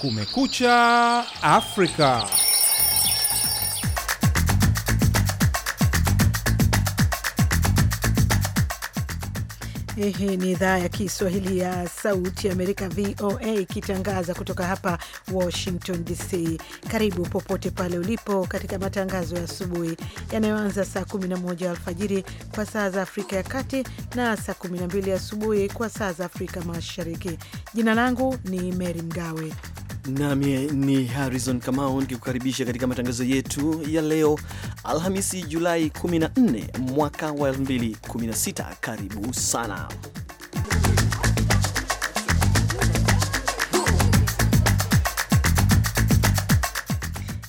Kumekucha Afrika. Hii ni idhaa ya Kiswahili ya Sauti ya Amerika, VOA, ikitangaza kutoka hapa Washington DC. Karibu popote pale ulipo katika matangazo ya asubuhi yanayoanza saa 11 alfajiri kwa saa za Afrika ya Kati na saa 12 asubuhi kwa saa za Afrika Mashariki. Jina langu ni Meri Mgawe nami ni Harrison Kamau nikikukaribisha katika matangazo yetu ya leo Alhamisi, Julai 14 mwaka wa 2016. Karibu sana.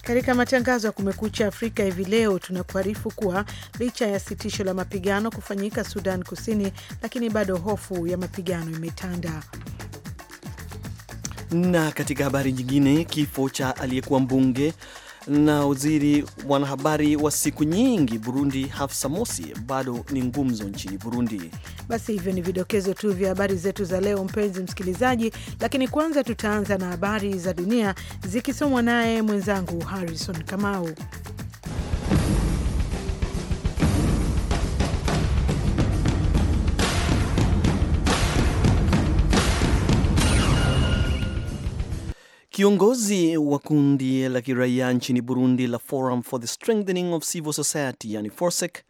Katika matangazo ya Kumekucha Afrika hivi leo tunakuarifu kuwa licha ya sitisho la mapigano kufanyika Sudan Kusini, lakini bado hofu ya mapigano imetanda. Na katika habari nyingine, kifo cha aliyekuwa mbunge na waziri mwanahabari wa siku nyingi Burundi Hafsa Mosi bado ni ngumzo nchini Burundi. Basi hivyo ni vidokezo tu vya habari zetu za leo, mpenzi msikilizaji, lakini kwanza tutaanza na habari za dunia zikisomwa naye mwenzangu Harrison Kamau. Kiongozi wa kundi la kiraia nchini Burundi la Forum for the Strengthening of Civil Society, yani FORSEC,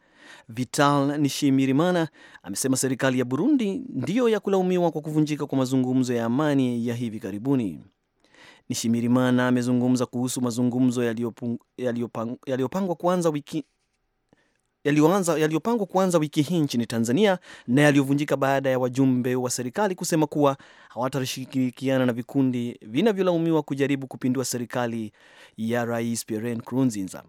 Vital Nishimirimana amesema serikali ya Burundi ndiyo ya kulaumiwa kwa kuvunjika kwa mazungumzo ya amani ya hivi karibuni. Nishimirimana amezungumza kuhusu mazungumzo yaliyopangwa yaliopang, kuanza wiki, yaliyopangwa kuanza wiki hii nchini Tanzania na yaliyovunjika baada ya wajumbe wa serikali kusema kuwa hawatashirikiana na vikundi vinavyolaumiwa kujaribu kupindua serikali ya Rais Pierre Nkurunziza.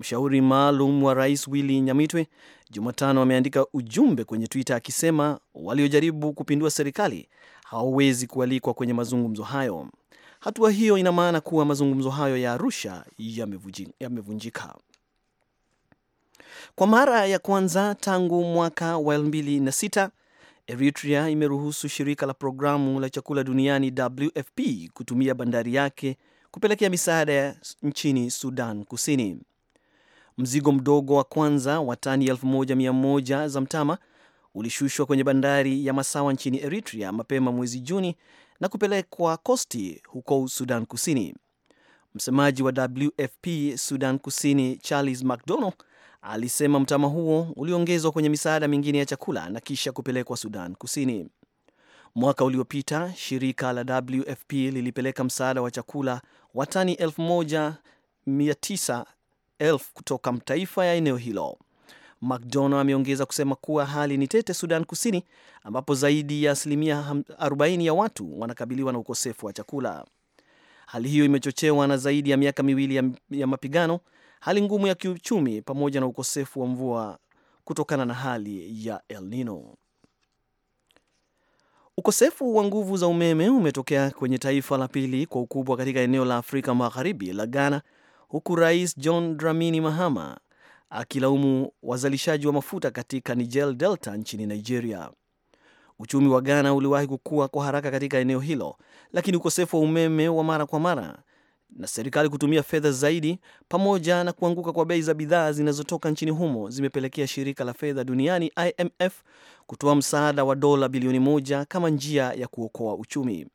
Mshauri maalum wa Rais Willy Nyamitwe Jumatano ameandika ujumbe kwenye Twitter akisema waliojaribu kupindua serikali hawawezi kualikwa kwenye mazungumzo hayo. Hatua hiyo ina maana kuwa mazungumzo hayo ya Arusha yamevunjika. Kwa mara ya kwanza tangu mwaka wa 2006 Eritrea imeruhusu shirika la programu la chakula duniani WFP kutumia bandari yake kupelekea misaada ya nchini Sudan Kusini. Mzigo mdogo wa kwanza wa tani 1100 za mtama ulishushwa kwenye bandari ya Masawa nchini Eritrea mapema mwezi Juni na kupelekwa Kosti huko Sudan Kusini. Msemaji wa WFP Sudan Kusini, Charles McDonald, Alisema mtama huo uliongezwa kwenye misaada mingine ya chakula na kisha kupelekwa Sudan Kusini. Mwaka uliopita shirika la WFP lilipeleka msaada wa chakula wa tani 1,900 kutoka mataifa ya eneo hilo. mcdonal ameongeza kusema kuwa hali ni tete Sudan Kusini, ambapo zaidi ya asilimia 40 ya watu wanakabiliwa na ukosefu wa chakula. Hali hiyo imechochewa na zaidi ya miaka miwili ya mapigano hali ngumu ya kiuchumi pamoja na ukosefu wa mvua kutokana na hali ya El Nino. Ukosefu wa nguvu za umeme umetokea kwenye taifa la pili kwa ukubwa katika eneo la Afrika Magharibi la Ghana, huku Rais John Dramini Mahama akilaumu wazalishaji wa mafuta katika Niger Delta nchini Nigeria. Uchumi wa Ghana uliwahi kukua kwa haraka katika eneo hilo, lakini ukosefu wa umeme wa mara kwa mara na serikali kutumia fedha zaidi pamoja na kuanguka kwa bei za bidhaa zinazotoka nchini humo zimepelekea shirika la fedha duniani IMF kutoa msaada wa dola bilioni moja kama njia ya kuokoa uchumi.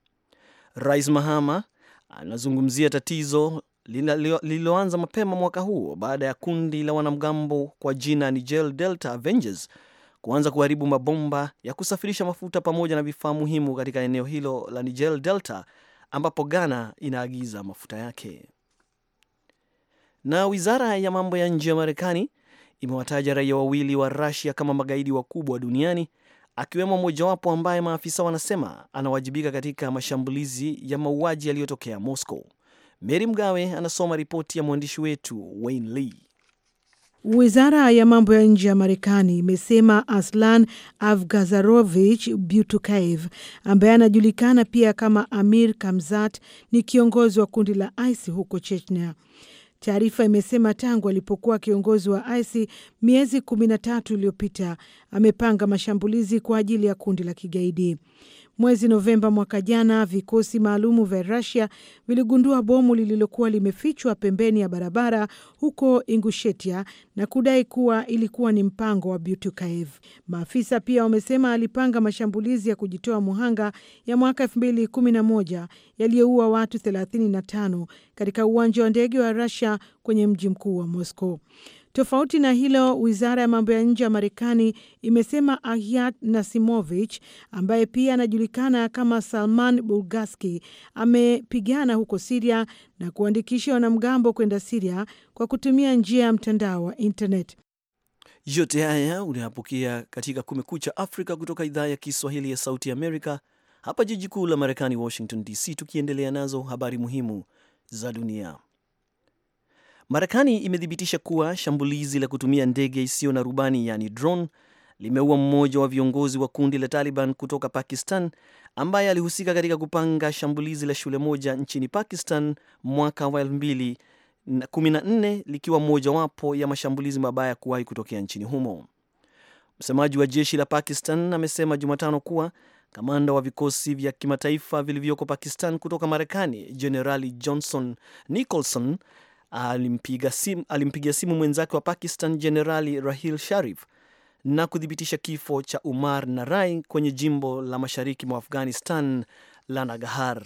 Rais Mahama anazungumzia tatizo lililoanza mapema mwaka huu baada ya kundi la wanamgambo kwa jina Niger Delta Avengers kuanza kuharibu mabomba ya kusafirisha mafuta pamoja na vifaa muhimu katika eneo hilo la Niger Delta ambapo Ghana inaagiza mafuta yake. Na wizara ya mambo ya nje ya Marekani imewataja raia wawili wa Rusia kama magaidi wakubwa duniani, akiwemo mmojawapo ambaye maafisa wanasema anawajibika katika mashambulizi ya mauaji yaliyotokea Moscow. mary Mgawe anasoma ripoti ya mwandishi wetu Wayne Lee. Wizara ya mambo ya nje ya Marekani imesema Aslan Afgazarovich Butukaev, ambaye anajulikana pia kama Amir Kamzat, ni kiongozi wa kundi la ISI huko Chechnya. Taarifa imesema tangu alipokuwa kiongozi wa ISI miezi kumi na tatu iliyopita amepanga mashambulizi kwa ajili ya kundi la kigaidi. Mwezi Novemba mwaka jana, vikosi maalumu vya Rusia viligundua bomu lililokuwa limefichwa pembeni ya barabara huko Ingushetia na kudai kuwa ilikuwa ni mpango wa Butukaev. Maafisa pia wamesema alipanga mashambulizi ya kujitoa muhanga ya mwaka 2011 yaliyoua watu 35 katika uwanja wa ndege wa Rusia kwenye mji mkuu wa Moscow. Tofauti na hilo, wizara ya mambo ya nje ya Marekani imesema Ahyat Nasimovich ambaye pia anajulikana kama Salman Bulgaski amepigana huko Siria na kuandikisha wanamgambo kwenda Siria kwa kutumia njia ya mtandao wa internet. Yote haya unayapokea katika Kumekucha Afrika kutoka idhaa ya Kiswahili ya Sauti Amerika, hapa jiji kuu la Marekani, Washington DC, tukiendelea nazo habari muhimu za dunia. Marekani imethibitisha kuwa shambulizi la kutumia ndege isiyo na rubani yaani drone limeua mmoja wa viongozi wa kundi la Taliban kutoka Pakistan ambaye alihusika katika kupanga shambulizi la shule moja nchini Pakistan mwaka wa 214 likiwa mojawapo ya mashambulizi mabaya kuwahi kutokea nchini humo. Msemaji wa jeshi la Pakistan amesema Jumatano kuwa kamanda wa vikosi vya kimataifa vilivyoko Pakistan kutoka Marekani, Jenerali Johnson Nicholson alimpiga simu, alimpigia simu mwenzake wa Pakistan Jenerali Rahil Sharif na kuthibitisha kifo cha Umar Narai kwenye jimbo la mashariki mwa Afghanistan la Nagahar.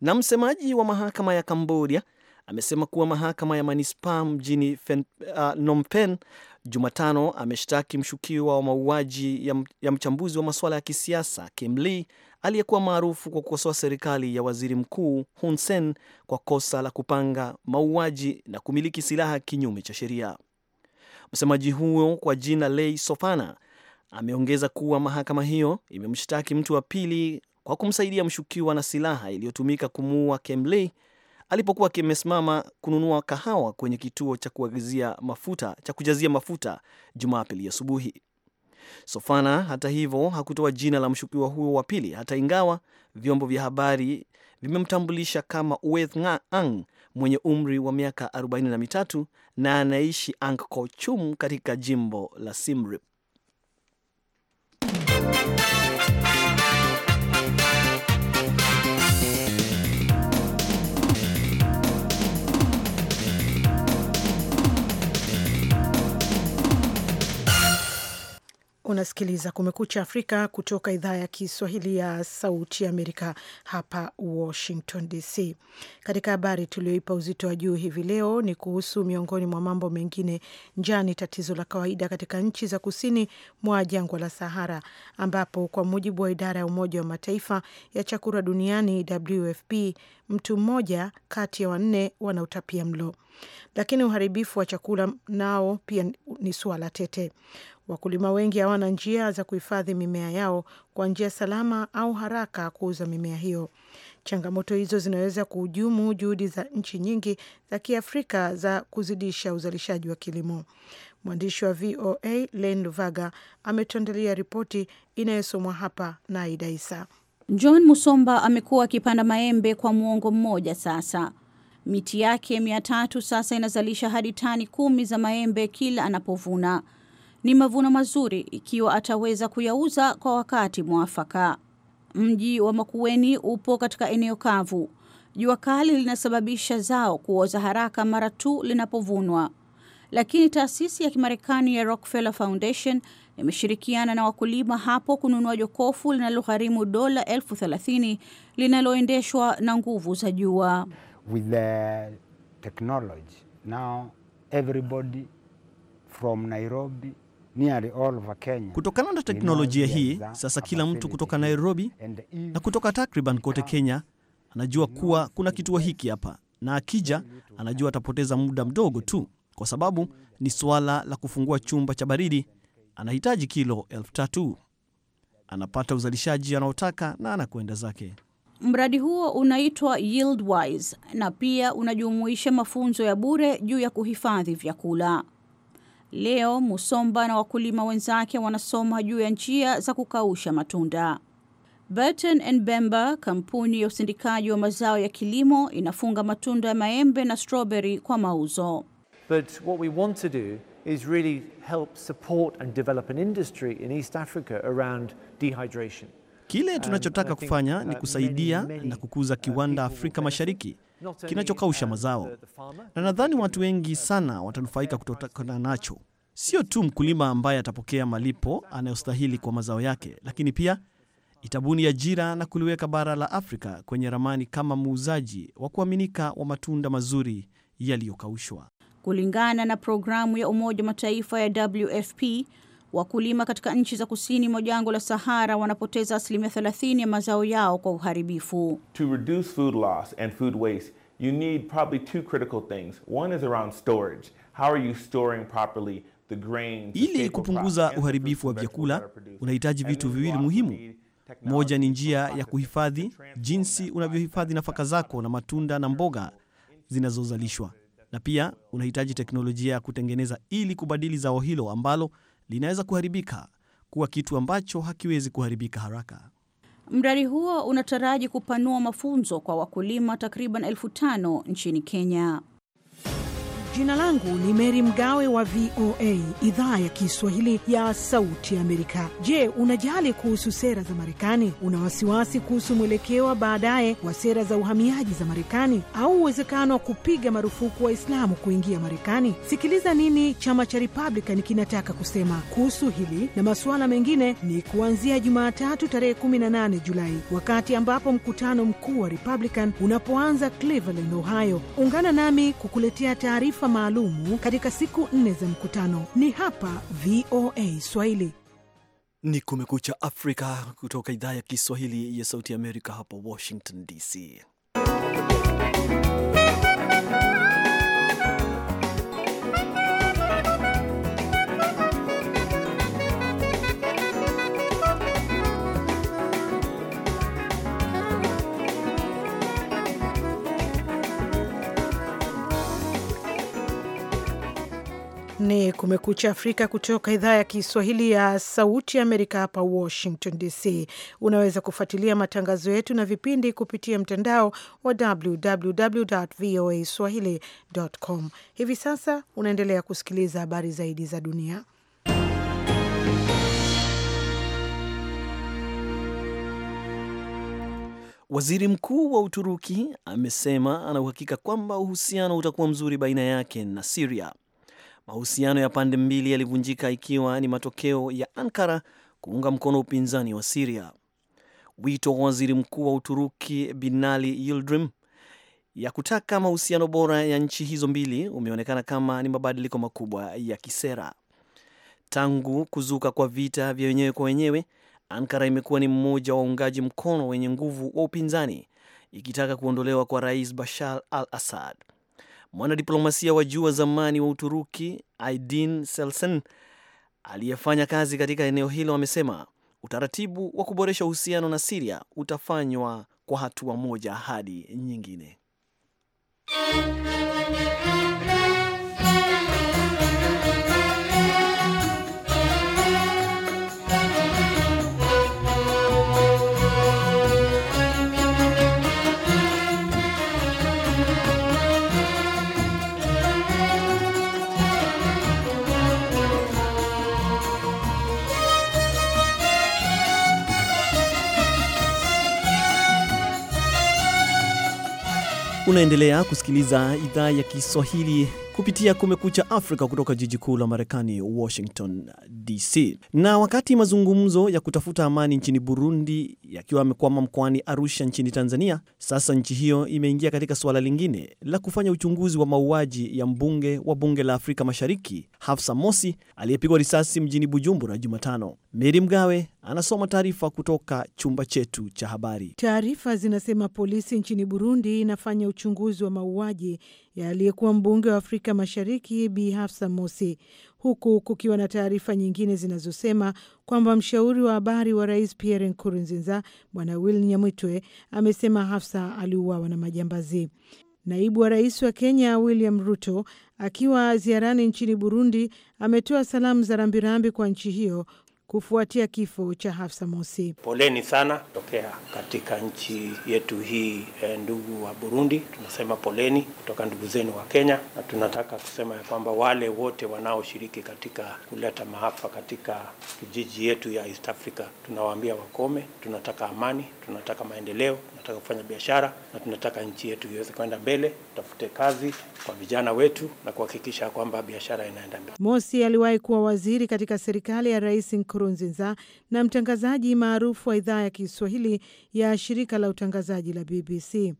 Na msemaji wa mahakama ya Kambodia amesema kuwa mahakama ya manispaa mjini uh, Phnom Penh Jumatano ameshtaki mshukiwa wa mauaji ya mchambuzi wa masuala ya kisiasa Kim Lee aliyekuwa maarufu kwa kukosoa serikali ya waziri mkuu Hun Sen kwa kosa la kupanga mauaji na kumiliki silaha kinyume cha sheria. Msemaji huyo kwa jina Lei Sofana ameongeza kuwa mahakama hiyo imemshtaki mtu wa pili kwa kumsaidia mshukiwa na silaha iliyotumika kumuua Kemley alipokuwa akimesimama kununua kahawa kwenye kituo cha kuagizia mafuta cha kujazia mafuta Jumapili asubuhi. Sofana hata hivyo hakutoa jina la mshukiwa huyo wa pili, hata ingawa vyombo vya habari vimemtambulisha kama Uweth Ang mwenye umri wa miaka 43 na anaishi Angkor Chum katika jimbo la simrip unasikiliza Kumekucha Afrika kutoka idhaa ya Kiswahili ya Sauti Amerika hapa Washington DC. Katika habari tulioipa uzito wa juu hivi leo ni kuhusu, miongoni mwa mambo mengine, njaa ni tatizo la kawaida katika nchi za kusini mwa jangwa la Sahara, ambapo kwa mujibu wa idara ya Umoja wa Mataifa ya chakula duniani WFP, mtu mmoja kati ya wanne wana utapia mlo, lakini uharibifu wa chakula nao pia ni suala tete. Wakulima wengi hawana njia za kuhifadhi mimea yao kwa njia salama au haraka kuuza mimea hiyo. Changamoto hizo zinaweza kuhujumu juhudi za nchi nyingi za Kiafrika za kuzidisha uzalishaji wa kilimo. Mwandishi wa VOA Len luvaga ametuandalia ripoti inayosomwa hapa na Aida Isa. John Musomba amekuwa akipanda maembe kwa muongo mmoja sasa. Miti yake mia tatu sasa inazalisha hadi tani kumi za maembe kila anapovuna ni mavuno mazuri ikiwa ataweza kuyauza kwa wakati mwafaka. Mji wa Makueni upo katika eneo kavu. Jua kali linasababisha zao kuoza haraka mara tu linapovunwa, lakini taasisi ya Kimarekani ya Rockefeller Foundation imeshirikiana na wakulima hapo kununua jokofu linalogharimu dola elfu thelathini linaloendeshwa na nguvu za jua. With the technology now everybody from Nairobi Kutokana na teknolojia hii sasa, kila mtu kutoka Nairobi na kutoka takriban kote Kenya anajua kuwa kuna kituo hiki hapa, na akija anajua atapoteza muda mdogo tu, kwa sababu ni swala la kufungua chumba cha baridi. Anahitaji kilo elfu tatu anapata uzalishaji anaotaka na anakwenda zake. Mradi huo unaitwa YieldWise na pia unajumuisha mafunzo ya bure juu ya kuhifadhi vyakula. Leo Musomba na wakulima wenzake wanasoma juu ya njia za kukausha matunda. Burton and Bemba, kampuni ya usindikaji wa mazao ya kilimo, inafunga matunda ya maembe na strawberry kwa mauzo. But what we want to do is really help support and develop an industry in East Africa around dehydration. Kile tunachotaka kufanya ni kusaidia na kukuza uh, kiwanda Afrika Mashariki kinachokausha mazao, na nadhani watu wengi sana watanufaika kutokana nacho, sio tu mkulima ambaye atapokea malipo anayostahili kwa mazao yake, lakini pia itabuni ajira na kuliweka bara la Afrika kwenye ramani kama muuzaji wa kuaminika wa matunda mazuri yaliyokaushwa. Kulingana na programu ya Umoja wa Mataifa ya WFP, Wakulima katika nchi za kusini mwa jangwa la Sahara wanapoteza asilimia 30 ya mazao yao kwa uharibifu. To reduce food loss and food waste, you need probably two critical things. One is around storage. How are you storing properly the grains? Ili kupunguza uharibifu wa vyakula, unahitaji vitu viwili muhimu. Moja ni njia ya kuhifadhi, jinsi unavyohifadhi nafaka zako na matunda na mboga zinazozalishwa, na pia unahitaji teknolojia ya kutengeneza ili kubadili zao hilo ambalo linaweza kuharibika kuwa kitu ambacho hakiwezi kuharibika haraka. Mradi huo unataraji kupanua mafunzo kwa wakulima takriban elfu tano nchini Kenya. Jina langu ni Meri Mgawe wa VOA idhaa ya Kiswahili ya Sauti Amerika. Je, unajali kuhusu sera za Marekani? Una wasiwasi kuhusu mwelekeo wa baadaye wa sera za uhamiaji za Marekani au uwezekano wa kupiga marufuku Waislamu kuingia Marekani? Sikiliza nini chama cha Republican kinataka kusema kuhusu hili na masuala mengine, ni kuanzia Jumatatu tarehe 18 Julai, wakati ambapo mkutano mkuu wa Republican unapoanza Cleveland, Ohio. Ungana nami kukuletea taarifa taarifa maalumu katika siku nne za mkutano. Ni hapa VOA Swahili. Ni Kumekucha Afrika kutoka idhaa ya Kiswahili ya Sauti ya Amerika, hapa Washington DC. Ni Kumekucha Afrika kutoka idhaa ya Kiswahili ya Sauti ya Amerika hapa Washington DC. Unaweza kufuatilia matangazo yetu na vipindi kupitia mtandao wa www voa swahili.com. Hivi sasa unaendelea kusikiliza habari zaidi za dunia. Waziri mkuu wa Uturuki amesema ana uhakika kwamba uhusiano utakuwa mzuri baina yake na Siria Mahusiano ya pande mbili yalivunjika ikiwa ni matokeo ya Ankara kuunga mkono upinzani wa Siria. Wito wa waziri mkuu wa Uturuki Binali Yildirim ya kutaka mahusiano bora ya nchi hizo mbili umeonekana kama ni mabadiliko makubwa ya kisera. Tangu kuzuka kwa vita vya wenyewe kwa wenyewe, Ankara imekuwa ni mmoja wa uungaji mkono wenye nguvu wa upinzani ikitaka kuondolewa kwa rais Bashar al Assad mwanadiplomasia wa juu wa zamani wa Uturuki Aydin Selsen aliyefanya kazi katika eneo hilo amesema utaratibu wa kuboresha uhusiano na Siria utafanywa kwa hatua moja hadi nyingine. Unaendelea kusikiliza idhaa ya Kiswahili kupitia Kumekucha Afrika kutoka jiji kuu la Marekani, Washington DC. Na wakati mazungumzo ya kutafuta amani nchini Burundi yakiwa yamekwama mkoani Arusha nchini Tanzania, sasa nchi hiyo imeingia katika suala lingine la kufanya uchunguzi wa mauaji ya mbunge wa bunge la Afrika Mashariki Hafsa Mosi aliyepigwa risasi mjini Bujumbura Jumatano. Meri Mgawe anasoma taarifa kutoka chumba chetu cha habari. Taarifa zinasema polisi nchini Burundi inafanya uchunguzi wa mauaji ya aliyekuwa mbunge wa Afrika Mashariki Bi Hafsa Mosi, huku kukiwa na taarifa nyingine zinazosema kwamba mshauri wa habari wa rais Pierre Nkurunziza Bwana Will Nyamwitwe amesema Hafsa aliuawa na majambazi. Naibu wa rais wa Kenya William Ruto akiwa ziarani nchini Burundi ametoa salamu za rambirambi kwa nchi hiyo kufuatia kifo cha Hafsa Mosi. Poleni sana tokea katika nchi yetu hii e, ndugu wa Burundi, tunasema poleni kutoka ndugu zenu wa Kenya, na tunataka kusema ya kwamba wale wote wanaoshiriki katika kuleta maafa katika kijiji yetu ya East Africa tunawaambia wakome. Tunataka amani, tunataka maendeleo, tunataka kufanya biashara na tunataka nchi yetu iweze kwenda mbele, tafute kazi kwa vijana wetu na kuhakikisha kwamba biashara inaenda mbele. Mosi aliwahi kuwa waziri katika serikali ya Rais Nkurunziza na mtangazaji maarufu wa idhaa ya Kiswahili ya shirika la utangazaji la BBC.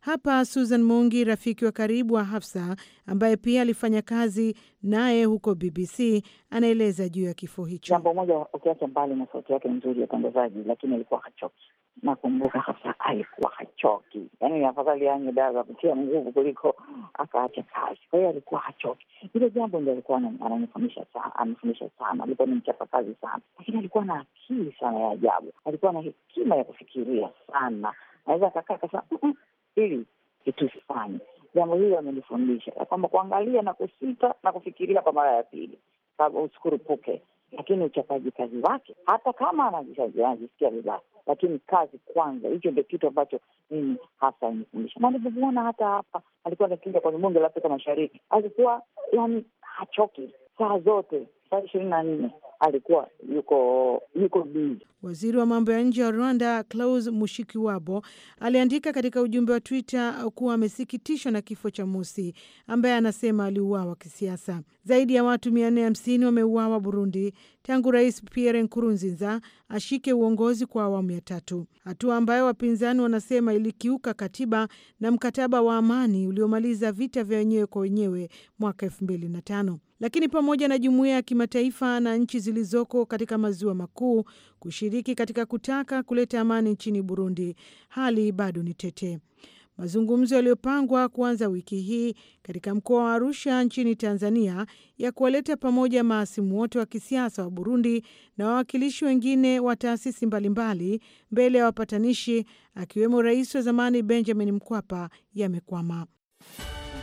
Hapa Susan Mungi, rafiki wa karibu wa Hafsa ambaye pia alifanya kazi naye huko BBC, anaeleza juu ya kifo hicho. Jambo moja, ukiacha mbali na sauti yake nzuri ya utangazaji, lakini alikuwa hachoki nakumbuka sasa, alikuwa hachoki, yaani afadhali anywe dawa za kutia nguvu kuliko akaacha kazi. Kwa hiyo alikuwa hachoki, hilo jambo ndio alikuwa ananifundisha sana, anifundisha sana. Alikuwa ni mchapa kazi sana, lakini alikuwa na akili sana ya ajabu, alikuwa na hekima ya kufikiria sana, naweza akakaa akasema hili kitusifanye jambo hili. Amenifundisha ya kwamba kuangalia na kusita na kufikiria kwa mara ya pili, sababu usikurupuke lakini uchapaji kazi wake, hata kama anajisikia vibaya, lakini kazi kwanza. Hicho ndio kitu ambacho mimi hasa imefundisha, na nilivyoona hata hapa alikuwa anakimbia kwenye bunge la Afrika Mashariki, alikuwa yani hachoki saa zote, saa ishirini na nne alikuwa yuko yuko bizi. Waziri wa mambo ya nje wa Rwanda Claus Mushikiwabo aliandika katika ujumbe wa Twitter kuwa amesikitishwa na kifo cha Musi ambaye anasema aliuawa kisiasa. Zaidi ya watu 450 wameuawa Burundi tangu Rais Pierre Nkurunziza ashike uongozi kwa awamu ya tatu, hatua ambayo wapinzani wanasema ilikiuka katiba na mkataba wa amani uliomaliza vita vya wenyewe kwa wenyewe mwaka 2005 lakini pamoja na jumuiya ya kimataifa na nchi zilizoko katika maziwa makuu kushiriki katika kutaka kuleta amani nchini Burundi. Hali bado ni tete. Mazungumzo yaliyopangwa kuanza wiki hii katika mkoa wa Arusha nchini Tanzania ya kuwaleta pamoja maasimu wote wa kisiasa wa Burundi na wawakilishi wengine wa taasisi mbalimbali mbele ya wapatanishi akiwemo rais wa zamani Benjamin mkwapa yamekwama.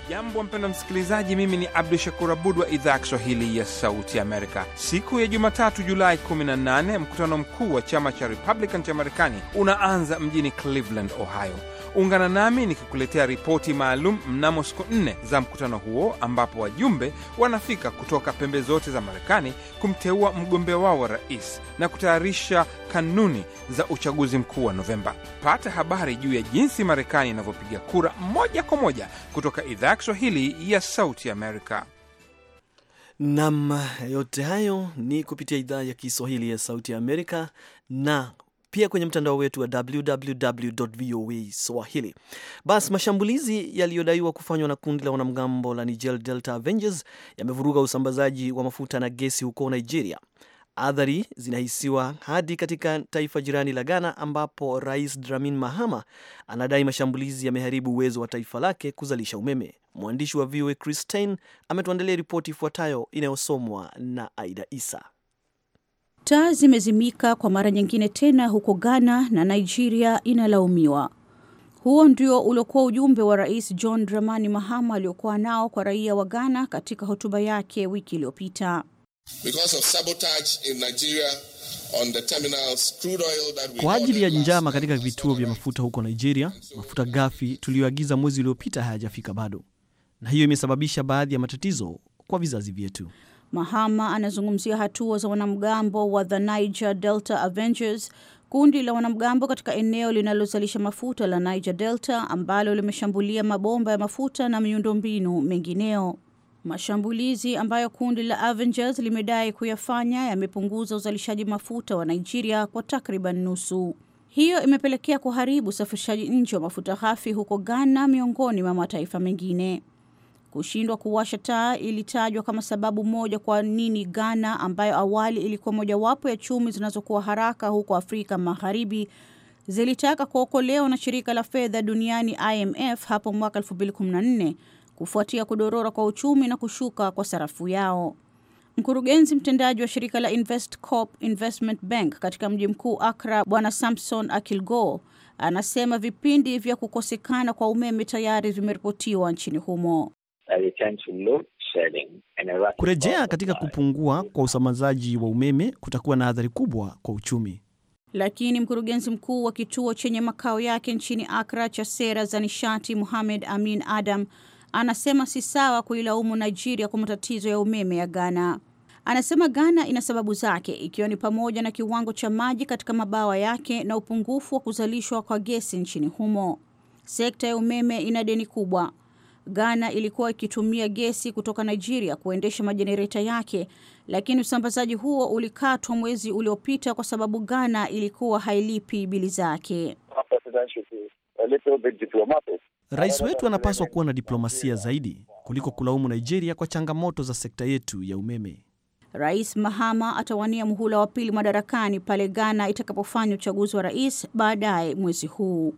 Jambo mpendwa msikilizaji, mimi ni Abdu Shakur Abud wa idhaa ya Kiswahili ya Sauti Amerika. Siku ya Jumatatu, Julai 18, mkutano mkuu wa chama cha Republican cha Marekani unaanza mjini Cleveland, Ohio. Ungana nami nikikuletea ripoti maalum mnamo siku nne za mkutano huo, ambapo wajumbe wanafika kutoka pembe zote za Marekani kumteua mgombea wao wa rais na kutayarisha kanuni za uchaguzi mkuu wa Novemba. Pata habari juu ya jinsi Marekani inavyopiga kura moja kwa moja kutoka idhaa ya Kiswahili ya Sauti Amerika. Nam, yote hayo ni kupitia idhaa ya Kiswahili ya Sauti ya Amerika na pia kwenye mtandao wetu wa swahili Basi mashambulizi yaliyodaiwa kufanywa na kundi la wanamgambo la Niger Delta Avengers yamevuruga usambazaji wa mafuta na gesi huko Nigeria. Athari zinahisiwa hadi katika taifa jirani la Ghana, ambapo Rais dramin Mahama anadai mashambulizi yameharibu uwezo wa taifa lake kuzalisha umeme. Mwandishi wa VOA Christine ametuandalia ripoti ifuatayo inayosomwa na Aida Isa. Taa zimezimika kwa mara nyingine tena huko Ghana na Nigeria inalaumiwa. Huo ndio uliokuwa ujumbe wa Rais John Dramani Mahama aliokuwa nao kwa raia wa Ghana katika hotuba yake wiki iliyopita. Kwa ajili ya njama katika vituo vya mafuta huko Nigeria, mafuta ghafi tuliyoagiza mwezi uliopita hayajafika bado, na hiyo imesababisha baadhi ya matatizo kwa vizazi vyetu. Mahama anazungumzia hatua za wanamgambo wa the Niger Delta Avengers, kundi la wanamgambo katika eneo linalozalisha mafuta la Niger Delta ambalo limeshambulia mabomba ya mafuta na miundombinu mengineo. Mashambulizi ambayo kundi la Avengers limedai kuyafanya yamepunguza uzalishaji mafuta wa Nigeria kwa takriban nusu. Hiyo imepelekea kuharibu usafirishaji nje wa mafuta ghafi huko Ghana, miongoni mwa mataifa mengine. Kushindwa kuwasha taa ilitajwa kama sababu moja kwa nini Ghana ambayo awali ilikuwa mojawapo ya chumi zinazokuwa haraka huko Afrika Magharibi zilitaka kuokolewa na shirika la fedha duniani IMF hapo mwaka 2014 kufuatia kudorora kwa uchumi na kushuka kwa sarafu yao. Mkurugenzi mtendaji wa shirika la Investcorp Investment Bank katika mji mkuu Accra, Bwana Samson Akilgo anasema vipindi vya kukosekana kwa umeme tayari vimeripotiwa nchini humo. Kurejea katika kupungua kwa usambazaji wa umeme kutakuwa na athari kubwa kwa uchumi. Lakini mkurugenzi mkuu wa kituo chenye makao yake nchini Akra cha sera za nishati Muhamed Amin Adam anasema si sawa kuilaumu Nigeria kwa matatizo ya umeme ya Ghana. Anasema Ghana ina sababu zake, ikiwa ni pamoja na kiwango cha maji katika mabawa yake na upungufu wa kuzalishwa kwa gesi nchini humo. Sekta ya umeme ina deni kubwa. Ghana ilikuwa ikitumia gesi kutoka Nigeria kuendesha majenereta yake, lakini usambazaji huo ulikatwa mwezi uliopita kwa sababu Ghana ilikuwa hailipi bili zake. Rais wetu anapaswa kuwa na diplomasia zaidi kuliko kulaumu Nigeria kwa changamoto za sekta yetu ya umeme. Rais Mahama atawania muhula wa pili madarakani pale Ghana itakapofanya uchaguzi wa rais baadaye mwezi huu.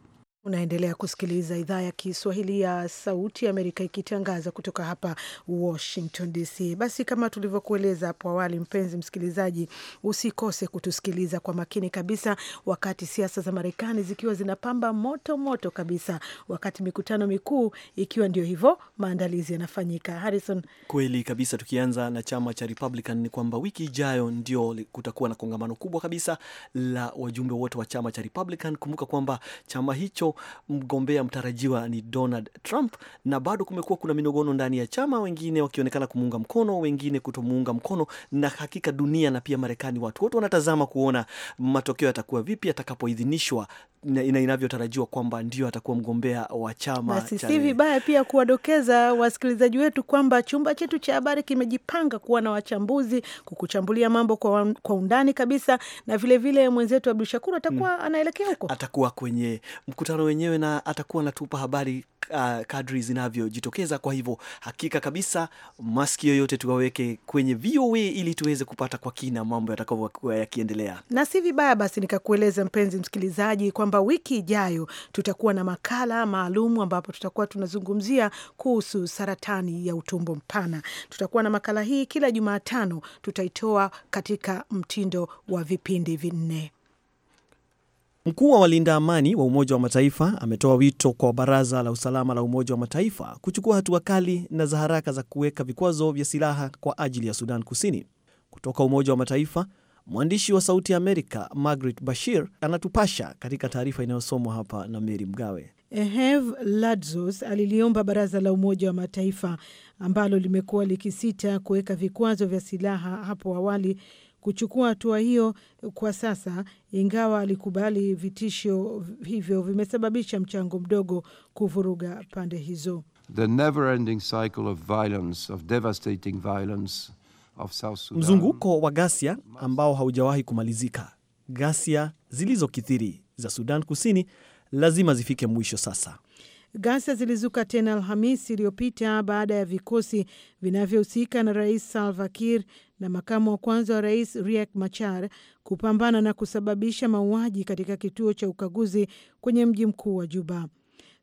Unaendelea kusikiliza idhaa ya Kiswahili ya Sauti ya Amerika ikitangaza kutoka hapa Washington DC. Basi kama tulivyokueleza hapo awali, mpenzi msikilizaji, usikose kutusikiliza kwa makini kabisa wakati siasa za Marekani zikiwa zinapamba moto moto kabisa, wakati mikutano mikuu ikiwa ndio hivyo maandalizi yanafanyika. Harrison, kweli kabisa. Tukianza na chama cha Republican, ni kwamba wiki ijayo ndio kutakuwa na kongamano kubwa kabisa la wajumbe wote wa chama cha Republican. Kumbuka kwamba chama hicho mgombea mtarajiwa ni Donald Trump, na bado kumekuwa kuna minogono ndani ya chama, wengine wakionekana kumuunga mkono, wengine kutomuunga mkono. Na hakika dunia na pia Marekani, watu wote wanatazama kuona matokeo yatakuwa vipi atakapoidhinishwa na inavyotarajiwa kwamba ndio atakuwa mgombea wa chama. Basi si vibaya pia kuwadokeza wasikilizaji wetu kwamba chumba chetu cha habari kimejipanga kuwa na wachambuzi kukuchambulia mambo kwa, kwa undani kabisa, na vilevile mwenzetu Abdu shakuru atakuwa mm, anaelekea huko, atakuwa kwenye mkutano wenyewe na atakuwa anatupa habari uh, kadri zinavyojitokeza. Kwa hivyo hakika kabisa maski yoyote tuwaweke kwenye VOA ili tuweze kupata kwa kina mambo yatakavyokuwa yakiendelea, na si vibaya basi nikakueleza mpenzi msikilizaji kwamba wiki ijayo tutakuwa na makala maalum ambapo tutakuwa tunazungumzia kuhusu saratani ya utumbo mpana. Tutakuwa na makala hii kila Jumatano, tutaitoa katika mtindo wa vipindi vinne. Mkuu wa walinda amani wa Umoja wa Mataifa ametoa wito kwa Baraza la Usalama la Umoja wa Mataifa kuchukua hatua kali na za haraka za kuweka vikwazo vya silaha kwa ajili ya Sudan Kusini. Kutoka Umoja wa Mataifa, mwandishi wa Sauti ya Amerika Margaret Bashir anatupasha katika taarifa inayosomwa hapa na Meri Mgawe. Ehev Ladzos aliliomba baraza la Umoja wa Mataifa ambalo limekuwa likisita kuweka vikwazo vya silaha hapo awali kuchukua hatua hiyo kwa sasa, ingawa alikubali vitisho hivyo vimesababisha mchango mdogo kuvuruga pande hizo. The never-ending cycle of violence, of devastating violence of South Sudan. Mzunguko wa ghasia ambao haujawahi kumalizika. Ghasia zilizokithiri za Sudan Kusini lazima zifike mwisho sasa. Ghasia zilizuka tena Alhamisi iliyopita baada ya vikosi vinavyohusika na Rais Salva Kiir na makamu wa kwanza wa rais Riek Machar kupambana na kusababisha mauaji katika kituo cha ukaguzi kwenye mji mkuu wa Juba.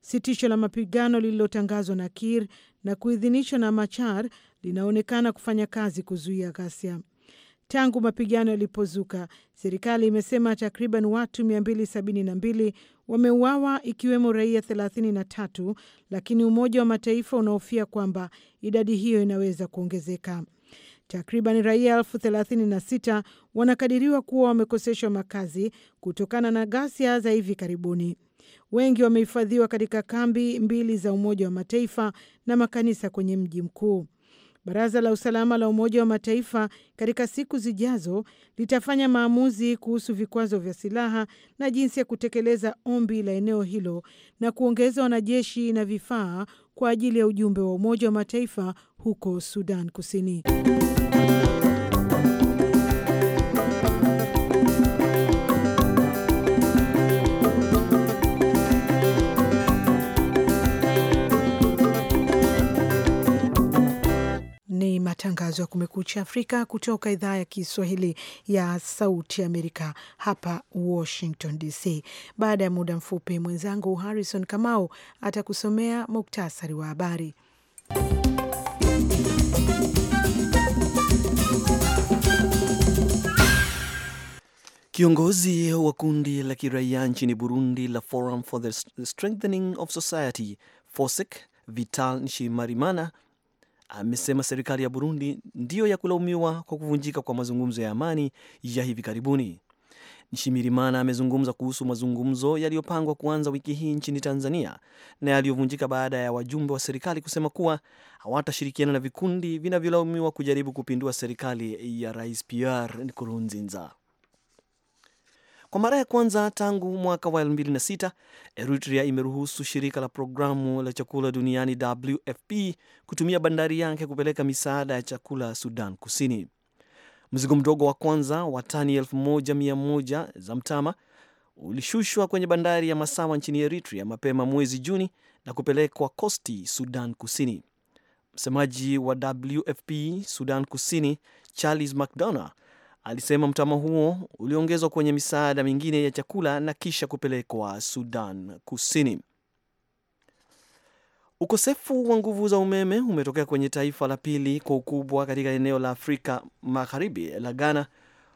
Sitisho la mapigano lililotangazwa na Kiir na kuidhinishwa na Machar linaonekana kufanya kazi kuzuia ghasia. Tangu mapigano yalipozuka, serikali imesema takriban watu 272 wameuawa ikiwemo raia 33, lakini Umoja wa Mataifa unahofia kwamba idadi hiyo inaweza kuongezeka. Takriban raia elfu thelathini wanakadiriwa kuwa wamekoseshwa makazi kutokana na ghasia za hivi karibuni. Wengi wamehifadhiwa katika kambi mbili za Umoja wa Mataifa na makanisa kwenye mji mkuu. Baraza la Usalama la Umoja wa Mataifa katika siku zijazo litafanya maamuzi kuhusu vikwazo vya silaha na jinsi ya kutekeleza ombi la eneo hilo na kuongeza wanajeshi na vifaa kwa ajili ya ujumbe wa Umoja wa Mataifa huko Sudan Kusini. ni matangazo ya Kumekucha Afrika kutoka idhaa ya Kiswahili ya Sauti Amerika hapa Washington DC. Baada ya muda mfupi, mwenzangu Harrison Kamau atakusomea muktasari wa habari. Kiongozi wa kundi la kiraia nchini Burundi la Forum for the Strengthening of Society, FOSIC, Vital Nshimarimana amesema serikali ya Burundi ndiyo ya kulaumiwa kwa kuvunjika kwa mazungumzo ya amani ya hivi karibuni. Nshimirimana amezungumza kuhusu mazungumzo yaliyopangwa kuanza wiki hii nchini Tanzania na yaliyovunjika baada ya wajumbe wa serikali kusema kuwa hawatashirikiana na vikundi vinavyolaumiwa kujaribu kupindua serikali ya Rais Pierre Nkurunziza. Kwa mara ya kwanza tangu mwaka wa 2006 Eritrea imeruhusu shirika la programu la chakula duniani WFP kutumia bandari yake kupeleka misaada ya chakula Sudan Kusini. Mzigo mdogo wa kwanza wa tani 1100 za mtama ulishushwa kwenye bandari ya Masawa nchini Eritrea mapema mwezi Juni na kupelekwa Kosti, Sudan Kusini. Msemaji wa WFP Sudan Kusini, Charles McDonough Alisema mtamo huo uliongezwa kwenye misaada mingine ya chakula na kisha kupelekwa Sudan Kusini. Ukosefu wa nguvu za umeme umetokea kwenye taifa la pili kwa ukubwa katika eneo la Afrika Magharibi la Ghana,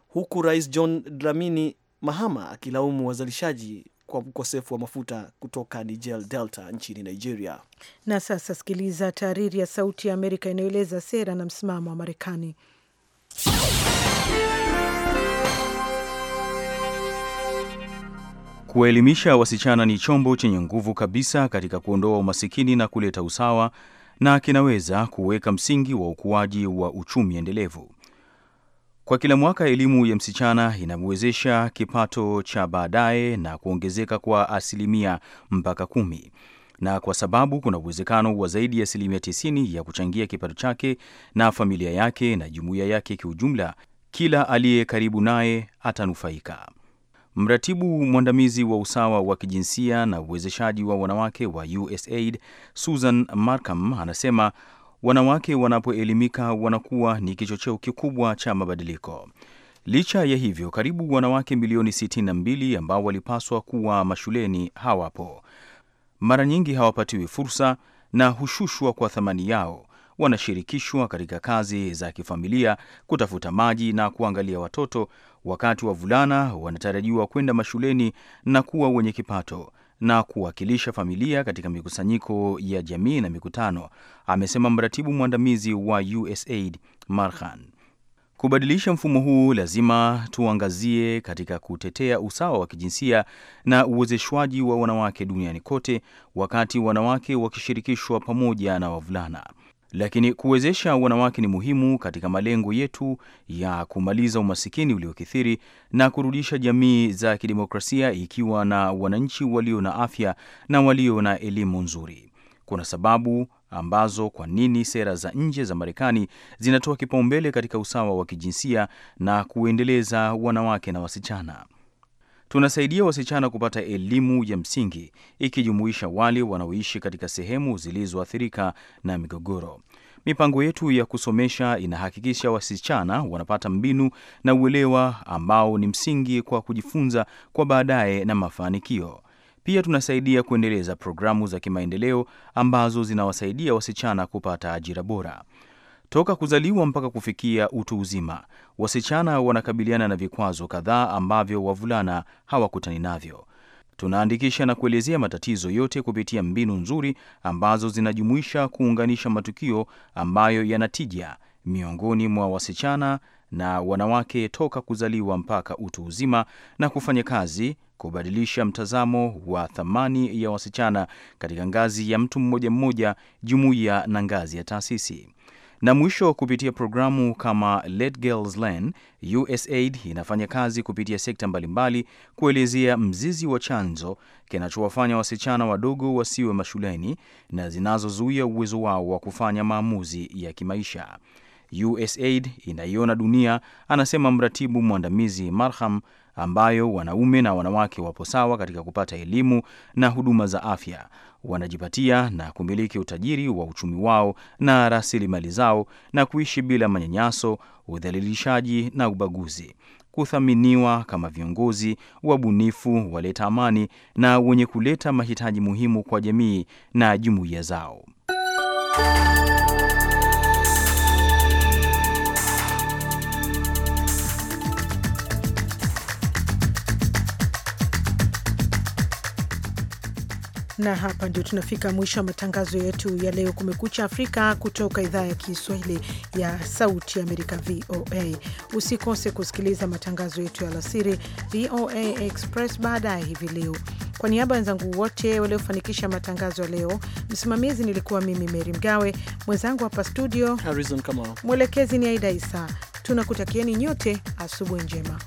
huku Rais John Dramini Mahama akilaumu wazalishaji kwa ukosefu wa mafuta kutoka Niger Delta nchini Nigeria. Na sasa sikiliza tahariri ya Sauti ya Amerika inayoeleza sera na msimamo wa Marekani. Kuwaelimisha wasichana ni chombo chenye nguvu kabisa katika kuondoa umasikini na kuleta usawa na kinaweza kuweka msingi wa ukuaji wa uchumi endelevu. Kwa kila mwaka elimu ya msichana inamwezesha kipato cha baadaye na kuongezeka kwa asilimia mpaka kumi, na kwa sababu kuna uwezekano wa zaidi ya asilimia tisini ya kuchangia kipato chake na familia yake na jumuiya yake kiujumla, kila aliye karibu naye atanufaika. Mratibu mwandamizi wa usawa wa kijinsia na uwezeshaji wa wanawake wa USAID Susan Markham anasema wanawake wanapoelimika wanakuwa ni kichocheo kikubwa cha mabadiliko. Licha ya hivyo, karibu wanawake milioni 62 ambao walipaswa kuwa mashuleni hawapo, mara nyingi hawapatiwi fursa na hushushwa kwa thamani yao. Wanashirikishwa katika kazi za kifamilia, kutafuta maji na kuangalia watoto, wakati wavulana wanatarajiwa kwenda mashuleni na kuwa wenye kipato na kuwakilisha familia katika mikusanyiko ya jamii na mikutano, amesema mratibu mwandamizi wa USAID Marhan. Kubadilisha mfumo huu, lazima tuangazie katika kutetea usawa wa kijinsia na uwezeshwaji wa wanawake duniani kote, wakati wanawake wakishirikishwa pamoja na wavulana. Lakini kuwezesha wanawake ni muhimu katika malengo yetu ya kumaliza umasikini uliokithiri na kurudisha jamii za kidemokrasia ikiwa na wananchi walio na afya na walio na elimu nzuri. Kuna sababu ambazo kwa nini sera za nje za Marekani zinatoa kipaumbele katika usawa wa kijinsia na kuendeleza wanawake na wasichana. Tunasaidia wasichana kupata elimu ya msingi ikijumuisha wale wanaoishi katika sehemu zilizoathirika na migogoro. Mipango yetu ya kusomesha inahakikisha wasichana wanapata mbinu na uelewa ambao ni msingi kwa kujifunza kwa baadaye na mafanikio. Pia tunasaidia kuendeleza programu za kimaendeleo ambazo zinawasaidia wasichana kupata ajira bora. Toka kuzaliwa mpaka kufikia utu uzima, wasichana wanakabiliana na vikwazo kadhaa ambavyo wavulana hawakutani navyo. Tunaandikisha na kuelezea matatizo yote kupitia mbinu nzuri ambazo zinajumuisha kuunganisha matukio ambayo yanatija miongoni mwa wasichana na wanawake toka kuzaliwa mpaka utu uzima na kufanya kazi kubadilisha mtazamo wa thamani ya wasichana katika ngazi ya mtu mmoja mmoja, jumuiya na ngazi ya taasisi. Na mwisho, kupitia programu kama Let Girls Learn, USAID inafanya kazi kupitia sekta mbalimbali kuelezea mzizi wa chanzo kinachowafanya wasichana wadogo wasiwe mashuleni na zinazozuia uwezo wao wa kufanya maamuzi ya kimaisha. USAID inaiona dunia, anasema mratibu mwandamizi Marham, ambayo wanaume na wanawake wapo sawa katika kupata elimu na huduma za afya wanajipatia na kumiliki utajiri wa uchumi wao na rasilimali zao na kuishi bila manyanyaso, udhalilishaji na ubaguzi. Kuthaminiwa kama viongozi wabunifu, waleta amani na wenye kuleta mahitaji muhimu kwa jamii na jumuiya zao. Na hapa ndio tunafika mwisho wa matangazo yetu ya leo, Kumekucha Afrika, kutoka idhaa ya Kiswahili ya Sauti Amerika, VOA. Usikose kusikiliza matangazo yetu ya alasiri, VOA Express, baadaye hivi leo. Kwa niaba ya wenzangu wote waliofanikisha matangazo ya leo, msimamizi nilikuwa mimi Meri Mgawe, mwenzangu hapa studio mwelekezi ni Aida Isa. Tunakutakieni nyote asubuhi njema.